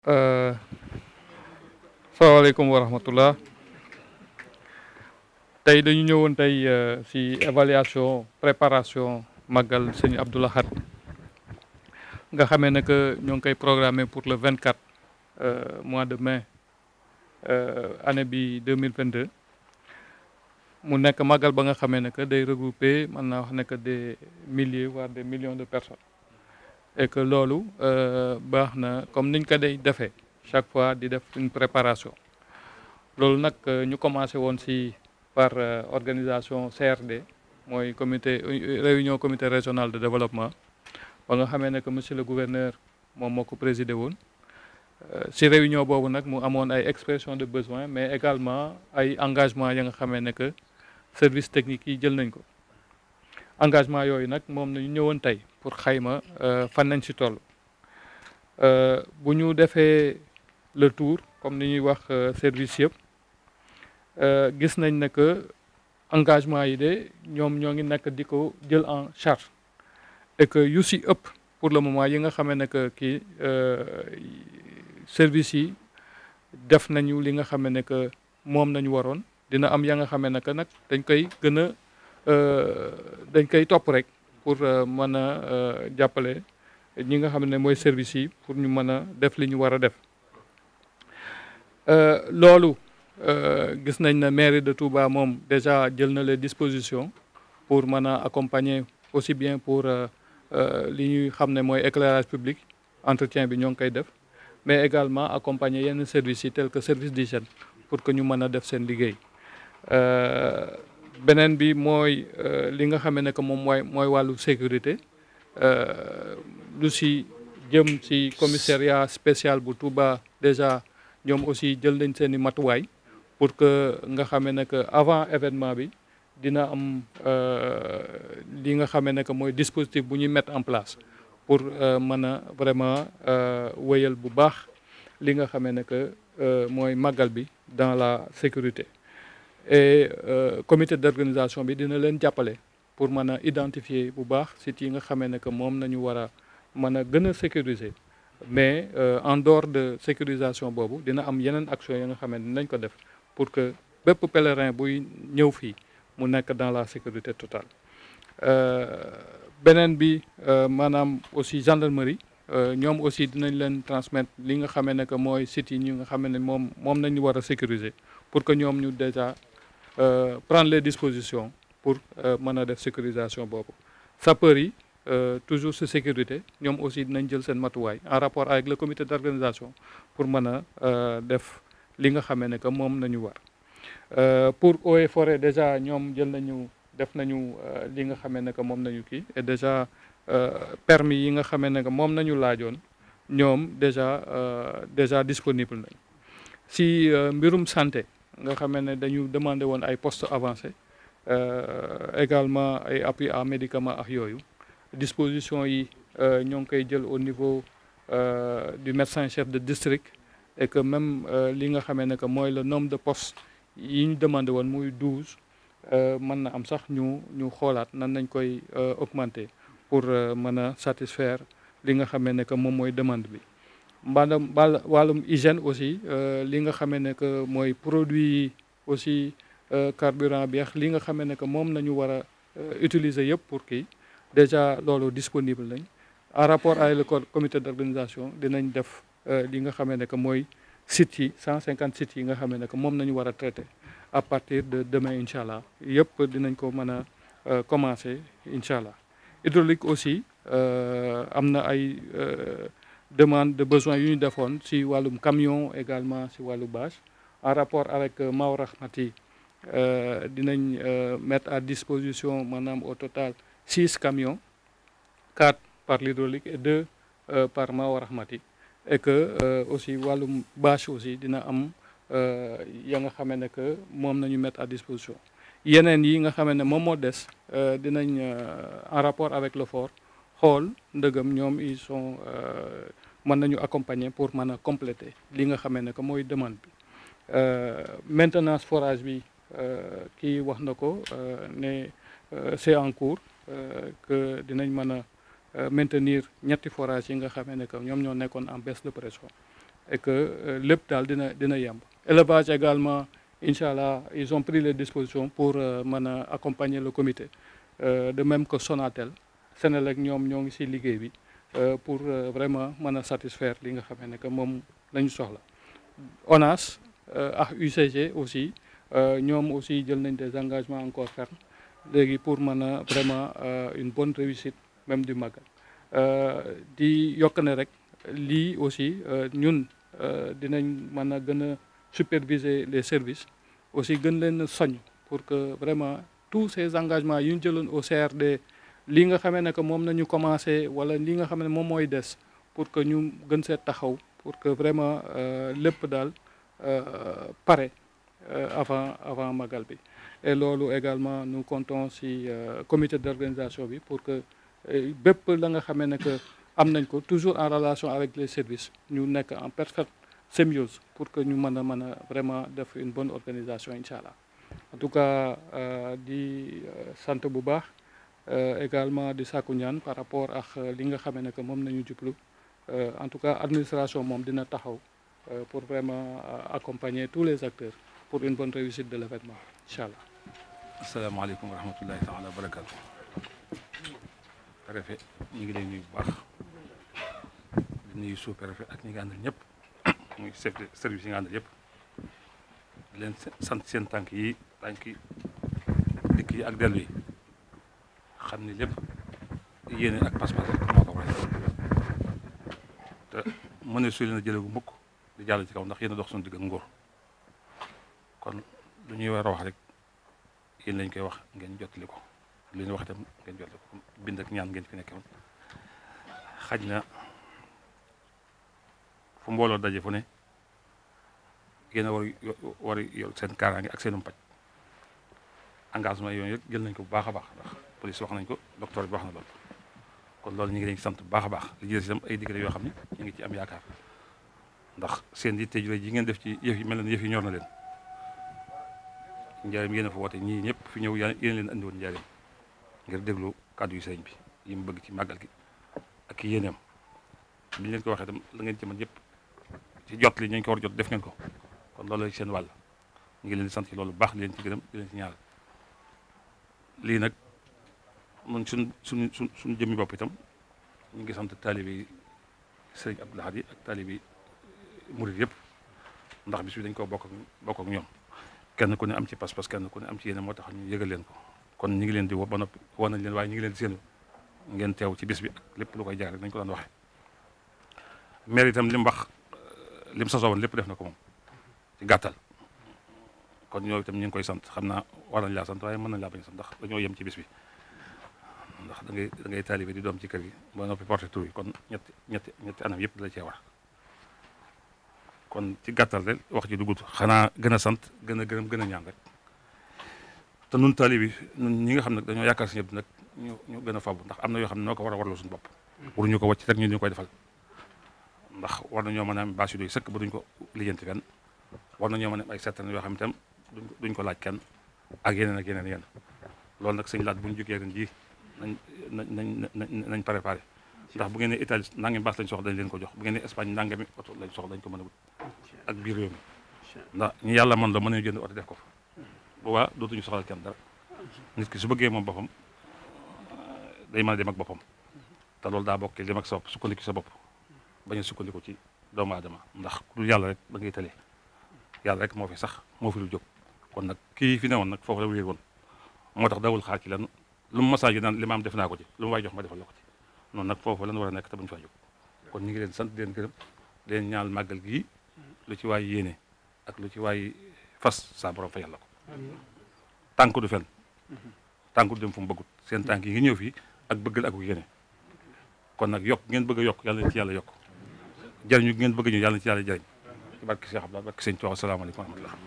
Uh, salaamaaleykum wa rahmatullah dañu ñëwoon tay eh, si évaluation préparation magal Seigne Abdou Lahad nga xamé nak ñu ngi koy programmer pour le 24 euh, mois de mai euh, année bi 2022 mu nekk magal ba nga xamé nak day regrouper man na wax nak des milliers voire des millions de personnes et que l'olu euh comme niñ ko day chaque fois di def une préparation Nous nak euh, ñu commencé par euh, organisation CRD moy comité euh, réunion comité régional de développement ba nga xamé que monsieur le gouverneur mom moko présider présidé Ces réunions bobu nak mu ay expression de besoin mais également ay engagement nga xamé service technique yi jël nañ engagement yoy nak mom la ñu ñëwon tay pour xayma euh fan nañ ci toll euh bu ñu défé le tour comme ni ñuy wax euh, service euh gis nañ nak que engagement yi de ñoom ñoo ngi nekk jël en charge et que you si ëpp pour le moment yi nga xamé nak ki euh service yi def nañu li nga xamé nak mom moom nañu waroon dina am ya nga xamé nak nak dañ koy gëna euh, dañ koy topp rek pour euh, mën a euh, jàppale ñi nga xam ne mooy service yi pour ñu mën a def li ñu war a def loolu gis nañ ne mairie de Touba moom déjà jël na les dispositions pour mën a accompagner aussi bien pour li ñuy xam ne mooy éclairage public entretien bi ñoo ngi koy def mais également accompagner yenn services yi tels que service d'hygiène pour que ñu mën a def seen liggéey benen bi mooy euh, li nga xamee ne que moom mooy mooy wàllu sécurité euh, lu si jëm si commissariat spécial bu Touba déjà ñoom aussi jël nañ seen i matuwaay pour que nga xamee ne que avant événement bi dina am euh, li nga xamee ne que mooy dispositif bu ñuy mettre en place pour mën a vraiment wéyal bu baax li nga xamee ne que mooy màggal bi dans la sécurité et euh, comité d'organisation bi dina len jappalé pour mën identifier bu baax sites yi nga xamé ne que nañu wara a gëna sécuriser mais euh, en dehors de sécurisation bobu dina am yenen action yi nga xamé nañ ko def pour que bép pèlerin bu ñëw fi mu nekk dans la sécurité totale euh, benen bi manam aussi gendarmerie ñom aussi dinañ len transmettre li nga xamé ne que site yi nga xamé mom mom nañu wara sécuriser pour que ñom ñu déjà Euh, prendre les dispositions pour euh, mën a def sécurisation boobu sapeurs yi euh, toujours ci sécurité ñoom aussi dinañ jël seen matuwaay en rapport avec le comité d'organisation pour mën a def li nga xamee ne que moom nañu war pour eaux et forêt déjà ñoom jël nañu def nañu li nga xamee ne que moom nañu kii et déjà permis yi nga xamee ne moom nañu laajoon ñoom déjà déjà disponible nañ si mbirum santé nga xamee ne dañu demandé won ay postes avancés euh, également ay appui à médicaments ak yoyu disposition yi euh ñong koy jël au niveau euh, du médecin chef de district et que même euh, li nga xamee que moy le nombre de postes yi ñu demandé woon muy douze mën na am sax ñu ñu xoolaat nan nañ koy augmenter pour mën satisfaire li nga xamee ne que mom moy demande bi mbaadam wàll wàllum hygiène aussi euh, li nga xamee ne que mooy produit yi aussi euh, carburant bi ak li nga xamee ne que moom nañu war a euh, utiliser yëpp pour kii déjà loolu disponible nañ en rapport avec le comité d'organisation dinañ def li nga xamee ne que mooy sites cent cinquante sites yi nga xamee ne que moom nañu war a à partir de demain incha allah yëpp dinañ ko mën a commencer incha allah hydraulique aussi am na ay demande de besoins yu si Walum camion également si walu bâche en rapport avec euh, Maou Rahmati euh, dinañ euh, mettre à disposition au total 6 camions 4 par l'hydraulique et deux par Maou Rahmati et que aussi Walum bâche aussi dina am ya nga que nous nañu mettre à disposition yeneen yi nga xamee ne moom est en rapport avec le fort xool ndëgam ñoom ils sont euh, mën nañu accompagner pour mën a compléter li nga xamee ne que mooy demande bi euh, maintenance forage bi euh, ki wax na ko ne c'est en cours que dinañ mën a maintenir ñetti forage yi nga xamee ne que ñoom ñoo nekkoon en baisse de pression et que lépp daal dina dina yemb élevage également incha allah ils ont pris les dispositions pour mën a accompagner le comité de même que Sonatel Senelec ñoom ñoo ngi si liggéey bi euh, pour euh, vraiment mën a satisfaire li nga xamee ne que moom la ñu soxla ONAS euh, ak UCG aussi ñoom aussi jël nañ des engagements encore fermes léegi pour mën a vraiment une bonne réussite même du Magal di yokk ne rek lii aussi ñun dinañ mën a gën a superviser les services aussi gën leen soñ pour que vraiment tous ces engagements yu ñu jëloon au CRD lii nga xamee ne que moom ñu commencé wala lii nga xam ne moom mooy des pour que ñu gën seet taxaw pour que vraiment euh, lépp daal euh, pare euh, avant avant magal bi et loolu également nu comptons si comité d'organisation bi pour que bépp la nga xamee ne am nañ ko toujours en relation avec les services ñu nekk en parfaite symbiose pour que ñu mën a mën a vraiment def une bonne organisation incha allah en tout cas di sant bu baax Euh, également di sàkku par rapport ak euh, li nga xamee ne que moom nañu jublu euh, en tout cas administration moom dina taxaw pour vraiment accompagner tous les acteurs pour une bonne réussite de l'événement inchallah asalaamaaleykum wa rahmatullahi taala wa barakatuh préfet ñu ngi lay nuyu bu di nuyu sous préfet ak ñi nga muy de service yi nga àndal yëpp di leen sant seen tànk xam ne lépp yéene ak pas-pas rek moo ko waral te ne su leen a jëlee bu mukk di jàll ci ndax yéen a dox suñu digg ak kon lu ñuy war a wax rek yéen lañ koy wax ngeen jottali ko lu ñuy wax itam ngeen jottali ko bind ak ñaan ngeen fi nekk xaj na fu mbooloo daje fu ne yéen a war war yor seen kaaraange ak seenum paj engagement yooyu rek jël nañ ko bu baax a baax police wax nañ ko docteur bi wax na loolu kon lool ñu ngi leen sant bu baax baax li jël itam ay diggante yoo ne ñu ngi ci am yaakaar ndax seen yitte ju yi ngeen def ci yëf yi mel ne yëf yi ñor na leen njaareem yéen a fa ñii ñëpp fi ñëw yéen leen andi woon njaareem ngir déglu kàddu yu sëriñ bi yi mu bëgg ci màggal gi ak yéeneem bi ñu leen ko waxee itam la ngeen ci mën yëpp ci jot li ko war jot def ngeen ko kon loolu seen wàll ñu ngi leen di sant ci loolu baax leen ci gërëm di ñaar lii nag. mun suñ suñ suñ suñ jëmmi bopp tam ñu ngi sant taalibi sëriñ Abdou Lahad yi ak taalibi murid yëpp ndax bis bi dañ koo bokk bokk ak ñoom kenn ku ne am ci pas-pas kenn ku ne am ci yéene moo tax ñu yëgal leen ko kon ñu ngi leen di woo ba noppi woo nañ leen waaye ñu ngi ngeen teew ci bis bi ak lépp lu koy jaar rek nañ ko daan waxee maire itam li mu wax euh, li mu lépp def na ko moom ci gàttal kon ñoo itam ñu ngi koy sant xam naa war nañ laa sant waaye mën nañ laa bañ sant ndax dañoo yem ci bis bi ndax da ngay da ngay taalibe di doom ci kër gi boo noppi porté tur yi kon ñetti ñetti ñetti anam yëpp da la cee kon ci gàttal rek wax ji dugut xanaa gën a sant gën a gërëm gën a ñaan te nun taalibe yi nun ñi nga xam ne dañoo yaakaar si ñëpp nag ñu ñu gën a fabu ndax am na yoo xam ne noo ko war a warloo suñu bopp waruñu ko wàcc rek ñu ñu koy defal ndax war nañoo mën a am bâche yu doy sëkk ba duñ ko lijjanti fenn war na mën a am ay seetaan yoo xam itam duñ ko laaj kenn ak yeneen ak yeneen yenn loolu nag sëñ laat bu ñu jógee ren jii nañ nañ nañ nañ préparé ndax bu ngeen ne Italie nangami baas lañ soxla dañ leen ko jox bu ngeen ne Espagne nangami oto lañ soxla dañ ko mën a wut ak biir réew mi ndax yàlla mën la mën nañu jënd oto def ko fa boobaa dootuñu soxla kenn dara nit ki su bëggee moom boppam day mën a boppam te loolu daa bokk dem ak sa bopp sukkandiku sa bopp bañ a sukkandiku ci doomu adama ndax ku dul yàlla rek ba ngay tëlee yàlla rek moo fi sax moo fi lu jóg kon nag kii fi ne woon nag foofu la wéer woon moo tax dawul xaar ci lenn lu mu masaa ji naan li ma am def naa ko ci lu mu waay jox ma defal la ko ci noonu nag foofu lan war nekk te buñu faa jóg kon ñu ngi leen sant di leen gërëm di ñaal màggal gi lu ci waay yéene ak lu ci waay fas saa borom fa yàlla ko tànk du fen tànk du dem fu bëggut seen tànk yi ngi ñëw fii ak bëggal ak yéene kon nag yokk ngeen bëgg yokk yàlla ci yàlla yokk jëriñu ngeen bëgg ñu yàlla ci yàlla jëriñ ci barke Cheikh Abdoulaye barke sëñ Tuubaa asalaamaaleykum wa